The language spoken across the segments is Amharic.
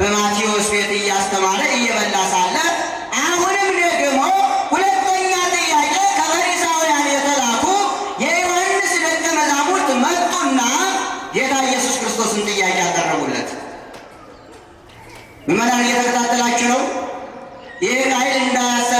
በማቴዎስ ቤት እያስተማረ እየበላ ሳለ አሁንም ደግሞ ሁለተኛ ጥያቄ ከፈሪሳውያን የተላኩ የዮሐንስ ደቀ መዛሙርት መጡና ጌታ ኢየሱስ ክርስቶስን ጥያቄ ያቀረቡለት። ምዕመናን እየተከታተላችሁ ነው። ይህ ቃይል እንዳያሰ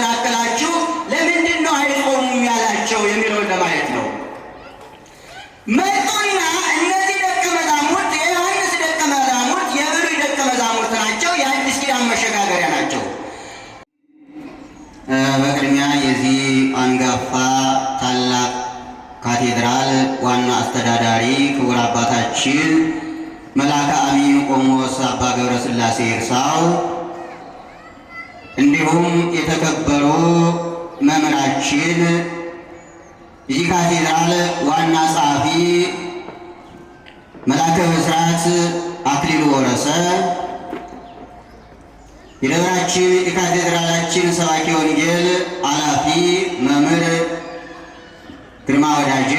አስተዳዳሪ ክቡር አባታችን መልአከ አሚን ቆሞስ አባ ገብረ ስላሴ እርሳው እንዲሁም የተከበሩ መምህራችን የዚህ ካቴድራል ዋና ጸሐፊ መልአከ ብስራት አክሊሉ ወረሰ፣ የደብራችን የካቴድራላችን ሰባኪ ወንጌል አላፊ መምህር ግርማ ወዳጄ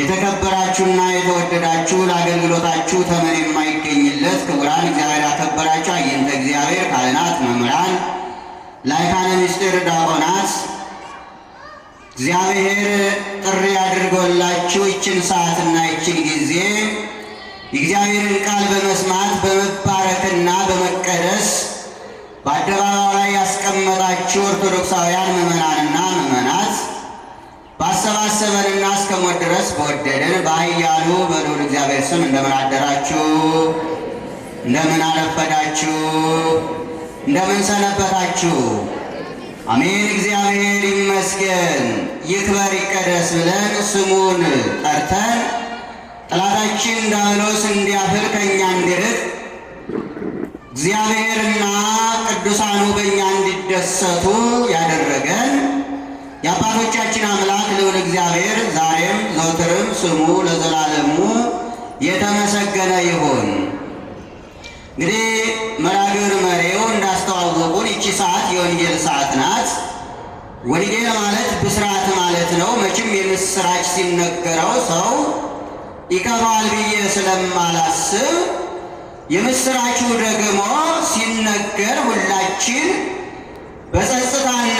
የተከበራችሁና የተወደዳችሁ ለአገልግሎታችሁ ተመን የማይገኝለት ክቡራን እግዚአብሔር ያከበራችሁ አየንተ እግዚአብሔር ካህናት፣ መምህራን፣ ላይካነ ምስጢር ዲያቆናት እግዚአብሔር ጥሪ አድርጎላችሁ ይችን ሰዓትና ይችን ጊዜ የእግዚአብሔርን ቃል በመስማት በመባረክና በመቀደስ በአደባባይ ላይ ያስቀመጣችሁ ኦርቶዶክሳውያን ምዕመናንና አሰባሰበንና እስከ ሞት ድረስ በወደደን በኃያሉ በልዑል እግዚአብሔር ስም እንደምን አደራችሁ? እንደምን አረፈዳችሁ? እንደምን ሰነበታችሁ? አሜን። እግዚአብሔር ይመስገን፣ ይክበር፣ ይቀደስ ብለን ስሙን ጠርተን ጠላታችን ዲያብሎስ እንዲያፍር ከእኛ እንዲርቅ እግዚአብሔርና ቅዱሳኑ በእኛ እንዲደሰቱ ያደረገን የአባቶቻችን አምላክ ልዑል እግዚአብሔር ዛሬም ዘውትርም ስሙ ለዘላለሙ የተመሰገነ ይሁን። እንግዲህ መራግብር መሬው እንዳስተዋወቁን ይቺ ሰዓት የወንጌል ሰዓት ናት። ወንጌል ማለት ብስራት ማለት ነው። መቼም የምስራች ሲነገረው ሰው ይከፋል ብዬ ስለማላስብ የምስራቹ ደግሞ ሲነገር ሁላችን በጸጥታና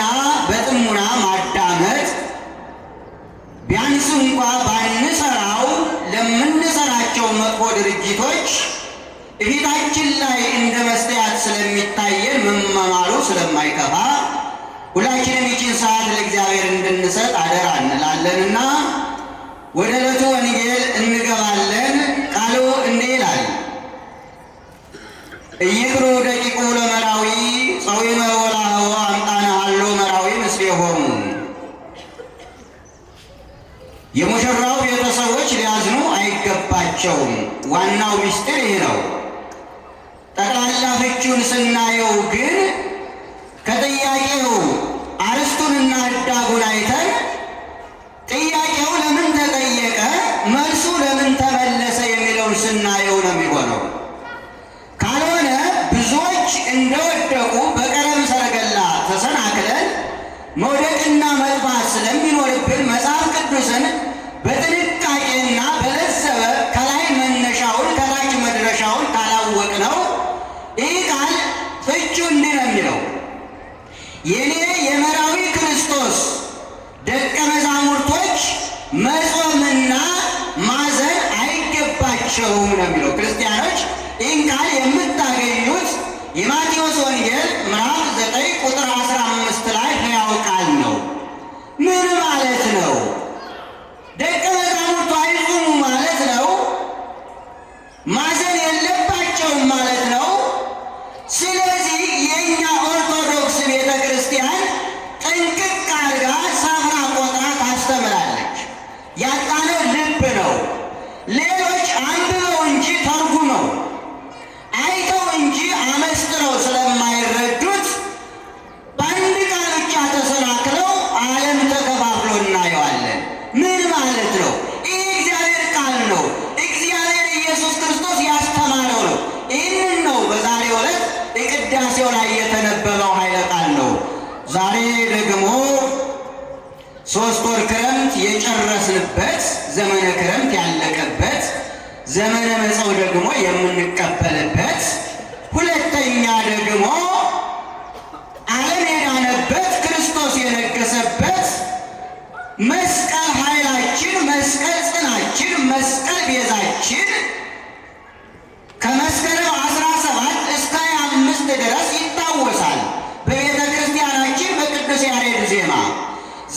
በጥሙና ማዳመጥ ቢያንስ እንኳ ባንሰራው ለምንሰራቸው መጥፎ ድርጊቶች እፊታችን ላይ እንደ መስተያት ስለሚታየን መመማሩ ስለማይከፋ ሁላችንም ይችን ሰዓት ለእግዚአብሔር እንድንሰጥ አደራ እንላለንና ወደ ዕለቱ ወንጌል እንገባለን። ቃሉ እንዲህ ይላል። ኢይክሩ ደቂቁ ለመራዊ ጸዊመ ወላ የሙሽራው ቤተሰቦች ሊያዝኑ አይገባቸውም። ዋናው ምስጢር ይህ ነው። ጠቅላላ ፍቹን ስናየው ግን ከጥያቄው አርስቱንና እዳጉን አይተን ጥያቄው ለምን ተጠየቀ፣ መልሱ ለምን ተመለሰ የሚለውን ስናየው ነው የሚሆነው። ካልሆነ ብዙዎች እንደወደቁ በቀለም ሰረገላ ተሰና መውደቅና መጥፋት ስለሚኖርብን መጽሐፍ ቅዱስን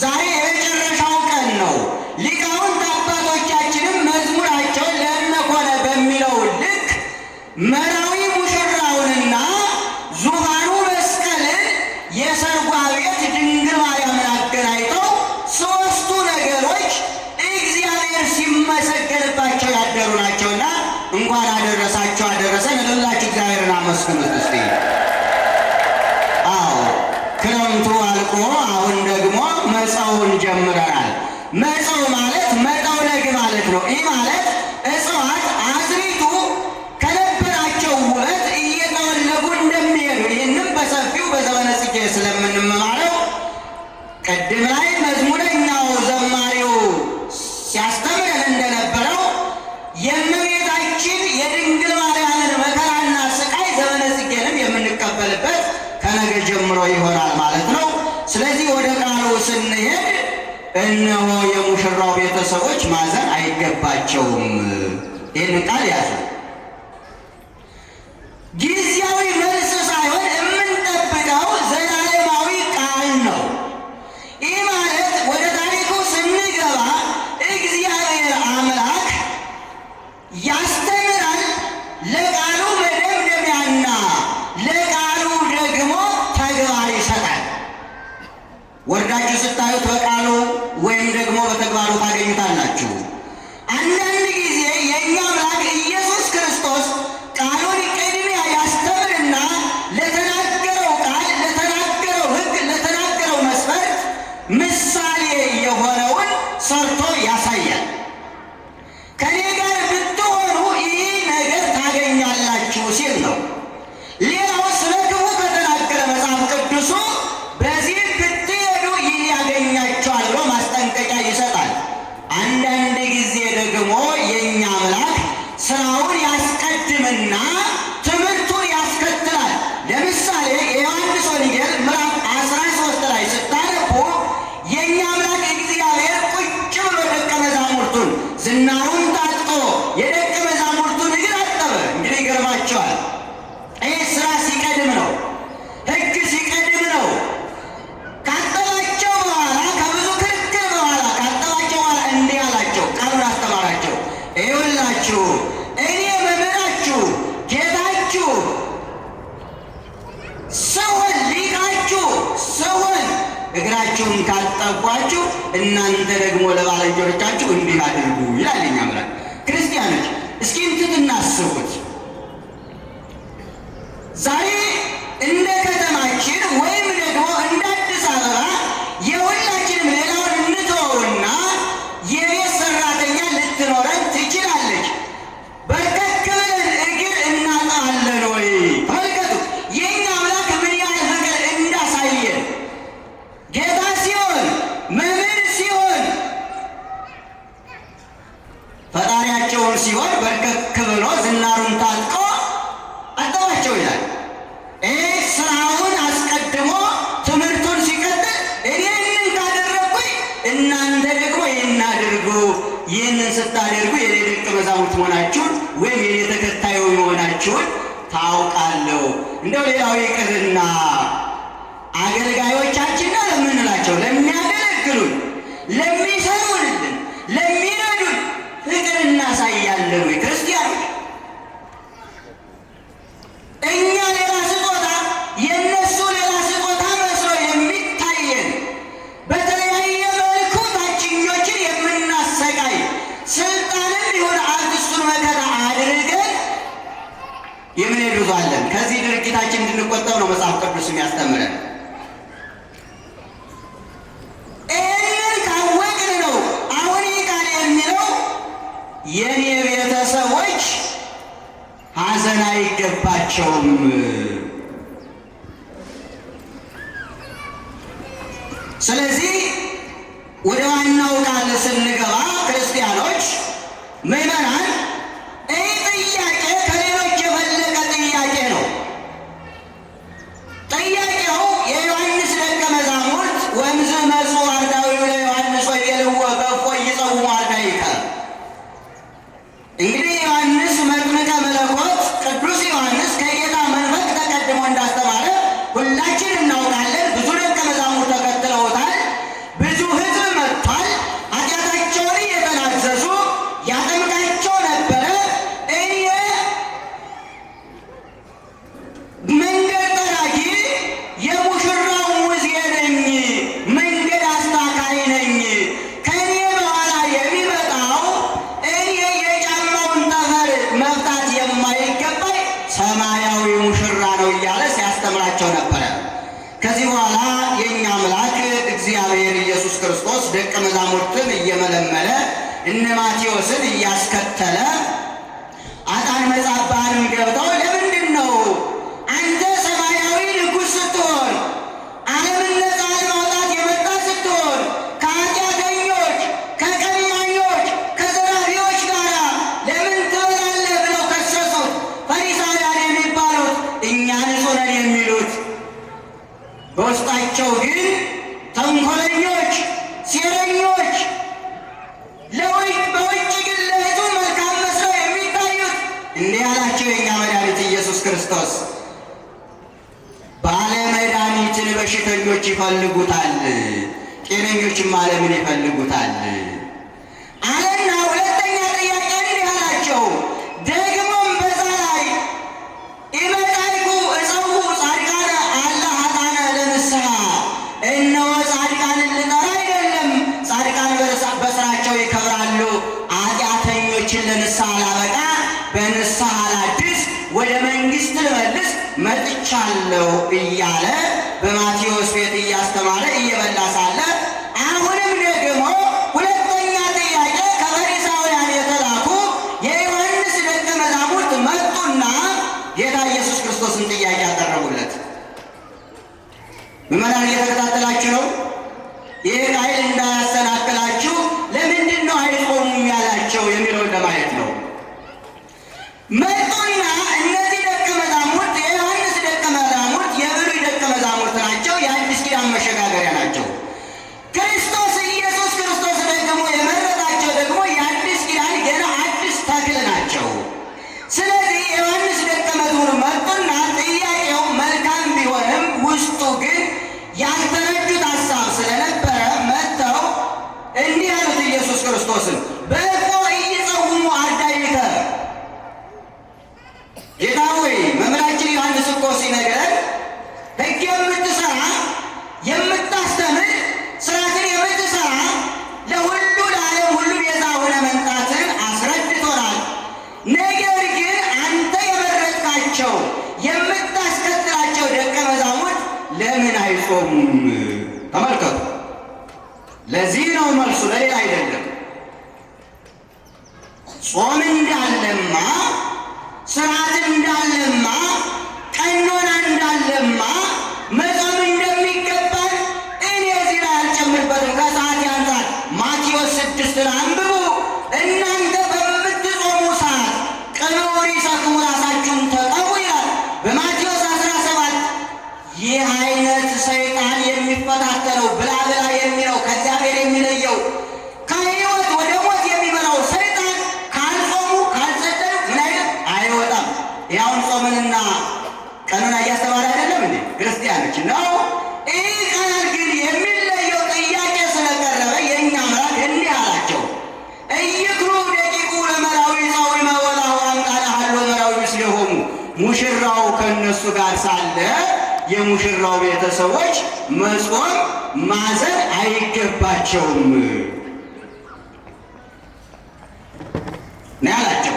ዛሬ የመጨረሻው ቀን ነው። ሊቃውንት አባቶቻችንም መዝሙራቸውን ለእመኮነ በሚለው ልክ መራ መጸው ማለት መጠው ነግ ማለት ነው። ይህ ማለት እጽዋት አዝሪቱ ከነበራቸው ውበት እየጠወለጉ እንደሚሄዱ ይህንም በሰፊው በዘመነ ጽጌ ስለምንማረው ቅድም ላይ መዝሙረኛው ዘማሪው ሲያስተምረን እንደነበረው የእመቤታችን የድንግል ማርያምን መከራና ስቃይ ዘመነ ጽጌንም የምንቀበልበት ከነገ ጀምሮ ይሆናል ማለት ነው። ስለዚህ ወደ ቃሉ ስንሄድ እነሆ የሙሽራው ቤተሰቦች ማዘን አይገባቸውም። ይህን ቃል ያዘ সরকার እግራችሁን ካጠፏችሁ እናንተ ደግሞ ለባልንጀሮቻችሁ እንዲህ አድርጉ ይላለኛ ምራል። ክርስቲያኖች እስኪ እንትን እናስቡት ዛሬ ይህንን ስታደርጉ የኔ ደቀ መዛሙርት መሆናችሁን ወይም የኔ ተከታዩ መሆናችሁን ታውቃለሁ። እንደው ሌላው ይቅርና አገልጋዮቻችን ለምንላቸው ለሚያገለግሉን ለሚ ማዘን አይገባቸውም። ስለዚህ ወደ ዋናው ቃል ስንገባ ክርስቲያኖች ምዕመናን ከዚህ በኋላ የእኛ መልአክ እግዚአብሔር ኢየሱስ ክርስቶስ ደቀ መዛሙርትን እየመለመለ እነ ማቴዎስን እያስከተለ ይፈልጉታል። ጤነኞችም ዓለምን ይፈልጉታል አለና ሁለተኛ ጥያቄ ጥያቄን ያላቸው ደግሞም በዛ ላይ ኢመጣይኩ እፀው ጻድቃነ አለ ሀጣነ ለንስሐ እነሆ ጻድቃንን ልጠራ አይደለም፣ ጻድቃን በስራቸው ይከብራሉ። ኃጢአተኞችን ለንስሐ ላበቃ በንስሐ ላድስ ወደ መንግሥት ልመልስ መጥቻለሁ እያለ make ለዚህ ነው መልሱ፣ ለሌላ አይደለም። ጾም እንዳለማ ስርዓት እንዳለማ ቀኖና እንዳለማ መጾም እንደሚገባል እኔ እዚህ ላይ አልጨምርበትም። ከሰዓት አንጻር ማቴዎስ ስድስትን አንብቡ። እናንተ በምትጾሙ ሰዓት ቅቤውን ይሰክሙ፣ ራሳችሁን ተጠቡ ይላል በማቴዎስ አስራ ሰባት ይህ አይነት ሰይጣን የሚፈታተነው ብላ ብላ የሚለው ከዚ የሚለየው ከህይወት ወደ ሞት የሚመራው ሰይጣን ካልጾሙ ካልጸለዩ ምን አይወጣም። ያውን ጾምንና እያስተማረ አይደለም እንዴ ክርስቲያኖች ነው። ይህ ግን የሚለየው ጥያቄ ስለቀረበ የእኛ ምራት እንዲህ አላቸው እይክሩ ደቂቁ ለመራዊ ሀሎ መራዊ ምስሌሆሙ ሙሽራው ከእነሱ ጋር ሳለ የሙሽራው ቤተሰቦች መጾም ማዘን አይገባቸውም ነው ያላቸው።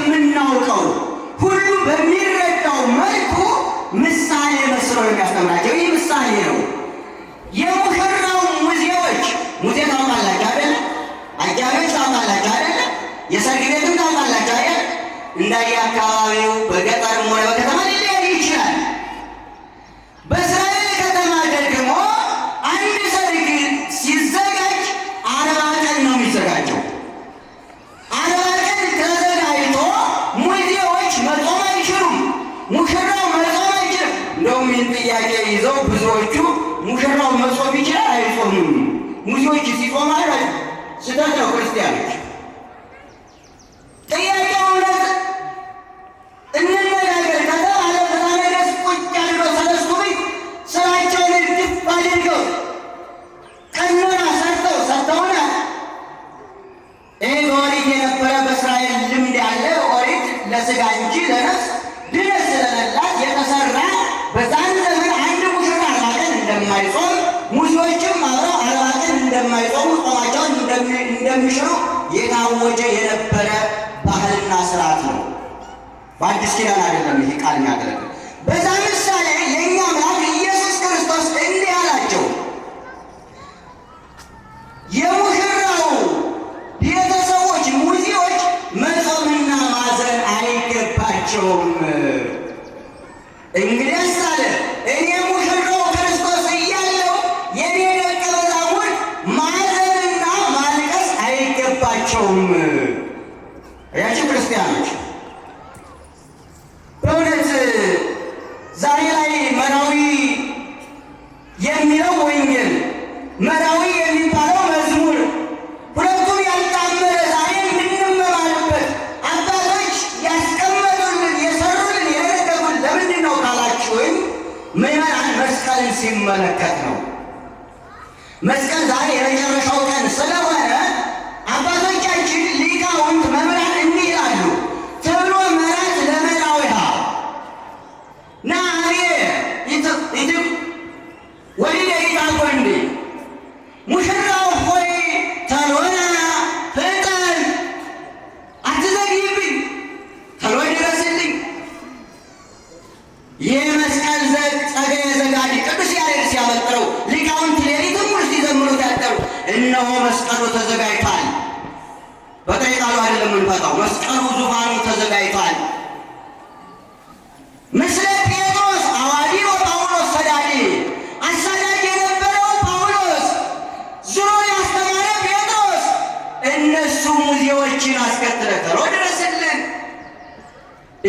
በምናውቀው ሁሉ በሚረዳው መልኩ ምሳሌ መስሎ የሚያስተምራቸው ይህ ምሳሌ ነው። የሙሽራው ሙዜዎች ሙዜ ታውቃላችሁ አይደለ? አጃቢዎች ታውቃላችሁ አይደለ? የሰርግ ቤቱን ታውቃላችሁ አይደለ? እንዳየ አካባቢው በገጠርም ሆነ በከተማ にこまれば、主導者を起こしてやる。እንደሚሽሩ የታወጀ የነበረ ባህልና ስርዓት ነው። በአዲስ ኪዳን አይደለም ይህ ቃል የሚያገለግል 哎。እነሆ መስቀሉ ተዘጋጅቷል። በቀይ ቃሉ አይደለም የምንፈታው። መስቀሉ ዙፋኑ ተዘጋጅቷል። ምስለ ጴጥሮስ አዋዲዮ ጳውሎስ ሰዳዴ አሳዳጅ የነበረው ጳውሎስ ዝሮ ያስተማረ ጴጥሮስ እነሱ ሙዚዎችን አስከትለ ተሮ ድረስልን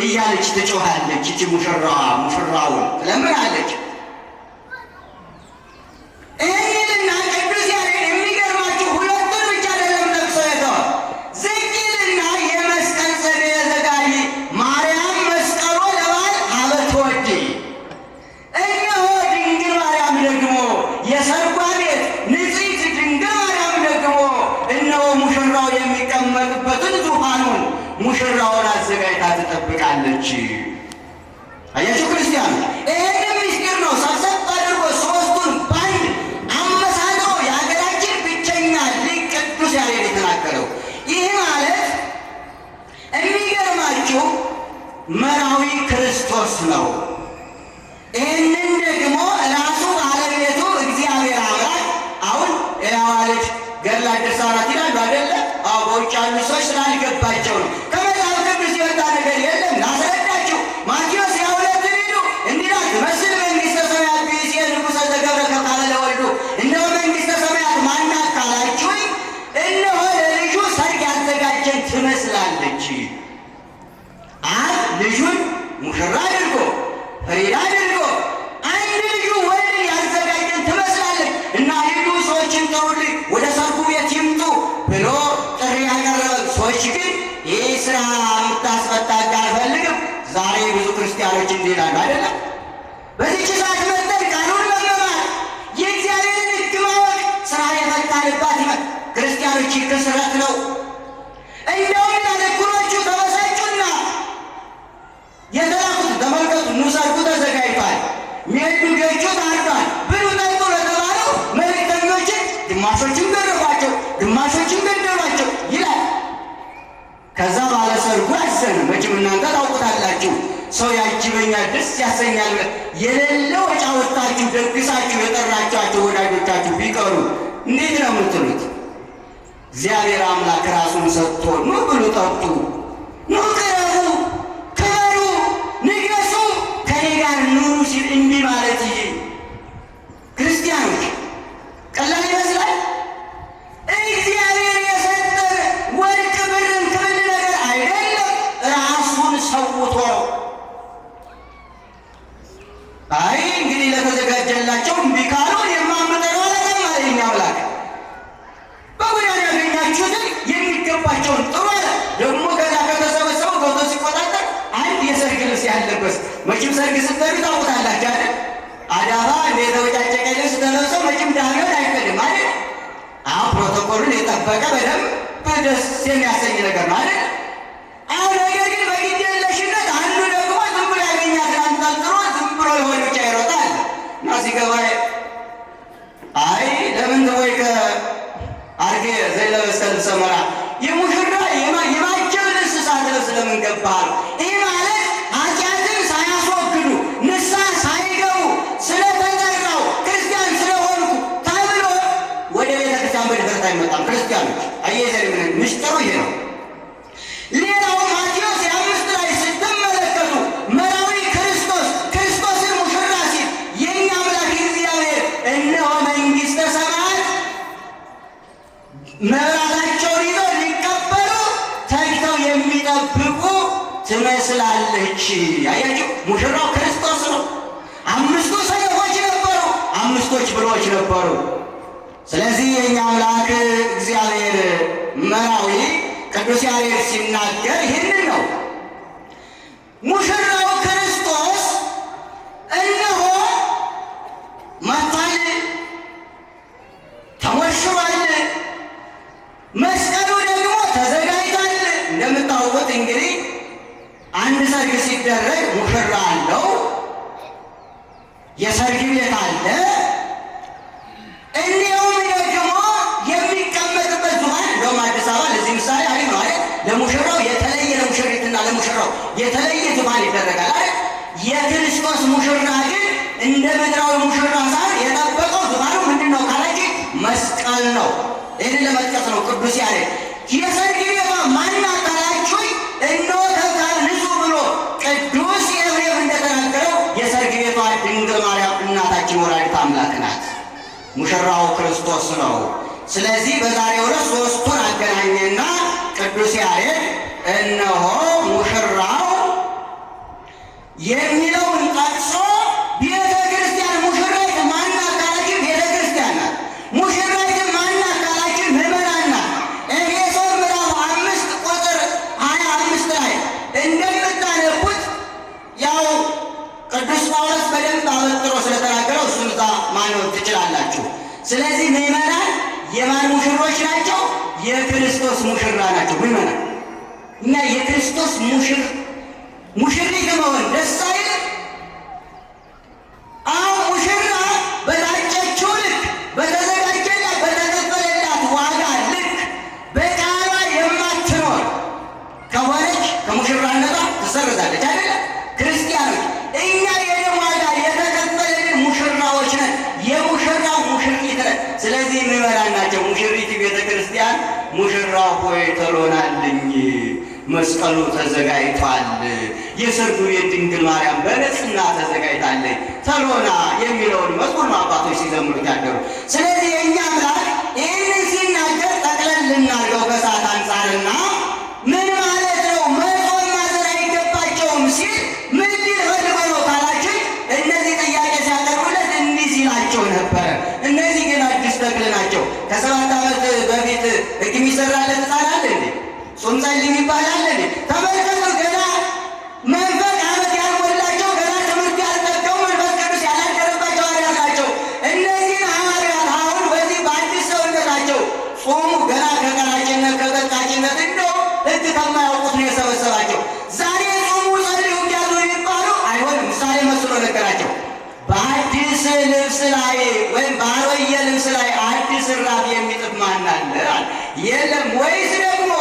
እያለች ትጮኻለች። እቺ ሙሽራ ሙሽራውን ትለምናለች። ቃሎች እንዲህ ይላሉ አይደለም። በዚች ሰዓት መጠን ቃሉን መመማር የእግዚአብሔርን ሕግ ማወቅ ስራ የፈታንባት ይመል ክርስቲያኖች ክስረት ነው። እንደውም ያለኩኖቹ ተበሳጩና የተላኩት ተመልከቱ፣ ኑሰርጉ ተዘጋጅቷል፣ ሚሄዱ ገቹ ታርዷል፣ ብሉ ጠጡ ለተባለው መልእክተኞችን ግማሾችን ገረፏቸው፣ ግማሾችን ገደሏቸው ይላል። ከዛ ባለሰርጉ አዘኑ። መቼም እናንተ ታውቁታላችሁ። ሰው ያጅበኛል፣ ደስ ያሰኛል። የሌለው ወጪ አወጣችሁ ደግሳችሁ የጠራችኋቸው ወዳጆቻችሁ ቢቀሩ እንዴት ነው የምትሉት? እግዚአብሔር አምላክ ራሱን ሰጥቶ ኑ ብሉ፣ ጠጡ፣ ኑ ቅረቡ፣ ክበሩ፣ ንገሱ፣ ከኔ ጋር ኑሩ And. ስላለች ያያችሁ፣ ሙሽራው ክርስቶስ ነው። አምስቱ ሰዎች ነበሩ፣ አምስቶች ብሎች ነበሩ። ስለዚህ የእኛ አምላክ እግዚአብሔር መራዊ ቅዱስ ያሬድ ሲናገር ይህንን ነው ሙሽራው ክርስቶስ እነሆ መጥቷል፣ ተሞሽሯል መስቀል ሰርግ ቤት አለ። እንዲሁም ደግሞ የሚቀመጥበት ዙፋን እንደውም አዲስ አበባ ለዚህ ምሳሌ አሪፍ ነው አይደል? ለሙሽራው የተለየ ለሙሽሪትና ለሙሽራው የተለየ ዙፋን ይደረጋል አይደል? የክርስቶስ ሙሽራ ግን እንደ ምድራዊ ሙሽራ ሳይሆን የጠበቀው ዙፋኑ ምንድን ነው ካላችሁ መስቀል ነው። ለመጥቀስ ነው ቅዱስ ሙሽራው ክርስቶስ ነው። ስለዚህ በዛሬው ዕለት ሦስቱን አገናኘና ቅዱስ ያሬድ እነሆ ስለዚህ ምዕመናን የማን ሙሽሮች ናቸው? የክርስቶስ ሙሽራ ናቸው ምዕመናን እና የክርስቶስ ሙሽር ሙሽሪት መሆን ደሳ ስለዚህ ምዕመናን ናቸው ሙሽሪት ቤተ ክርስቲያን ሙሽራ ሆይ ተሎናልኝ፣ መስቀሉ ተዘጋጅቷል፣ የሰርጉ የድንግል ማርያም በንጽሕና ተዘጋጅታለች ተሎና የሚለውን መዝሙር አባቶች ሲዘምሩት ያደሩ። ስለዚህ የእኛ አምላክ ይህን ሲናገር ጠቅለል ልናድርገው ከሰዓት አንጻርና ምን ፍጹም ጸልይ ይባላል። ተመልከቱ ገና መንፈቅ ዓመት ያልሞላቸው ገና ትምህርት ያልጠቀሙ መንፈስ ቅዱስ ያላደረባቸው ሐዋርያት ናቸው። እነዚህን ሐዋርያት አሁን በዚህ በአዲስ ሰውነታቸው ጾሙ ገና ከቀራጭነት ከጠጣጭነት እንደው ሕግ ከማያውቁት ነው የሰበሰባቸው። ዛሬ ጾሙ ጸልዩ ያሉ የሚባሉ አይሆንም። ምሳሌ መስሎ ነገራቸው። በአዲስ ልብስ ላይ ወይም በአሮጌ ልብስ ላይ አዲስ እራፍ የሚጥፍ ማናለ የለም ወይስ ደግሞ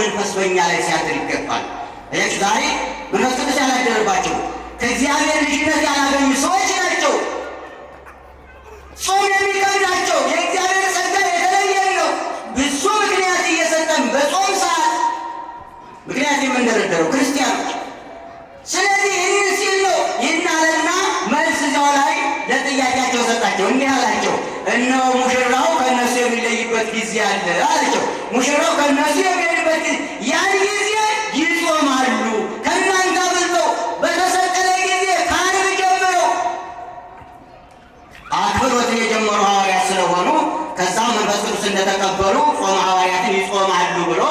መንፈስ በእኛ ላይ ሲያድር ይገባል። ዛሬ የእግዚአብሔር ልጅነት ያላገኙ ሰዎች ናቸው። ጾም የሚከብዳቸው የእግዚአብሔር ጸጋ የተለየ ነው። ብዙ ምክንያት እየሰጠን በጾም ሰዓት ምክንያት የምንደረደረው ክርስቲያኖች። ስለዚህ ይህን ሲል ነው ይህን አለና መልስ እዚያው ላይ ለጥያቄያቸው ሰጣቸው። እንዲህ አላቸው፣ እነሆ ሙሽራው ከእነሱ የሚለይበት ጊዜ አለ አላቸው። ሙሽራው ከእነሱ የሚሄድበት ጊዜ ክርስቶስ እንደተቀበሉ ጾም ሐዋርያትን ይጾማሉ ብሎ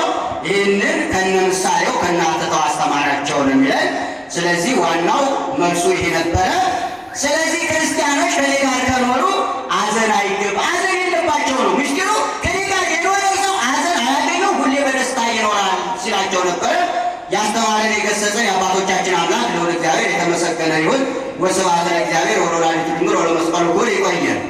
ይህንን ከነ ምሳሌው ከናተተው አስተማራቸው ነው የሚለን። ስለዚህ ዋናው መልሱ ይሄ ነበረ። ስለዚህ ክርስቲያኖች ከኔ ጋር ከኖሩ አዘን አይገባ አዘን የለባቸው ነው ምስጢሩ። ከኔ ጋር የኖረ ሰው አዘን አያገኘው፣ ሁሌ በደስታ ይኖራል ሲላቸው ነበረ። ያስተማረን የገሰጸን የአባቶቻችን አምላክ ልዑል እግዚአብሔር የተመሰገነ ይሁን። ወስብሐት ለእግዚአብሔር ወለወላዲቱ ድንግል ወለመስቀሉ ክቡር። ይቆየን።